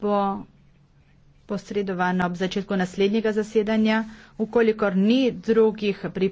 bo posredovana ob začetku naslednjega zasedanja. Ukolikor ni drugih pripravljenih,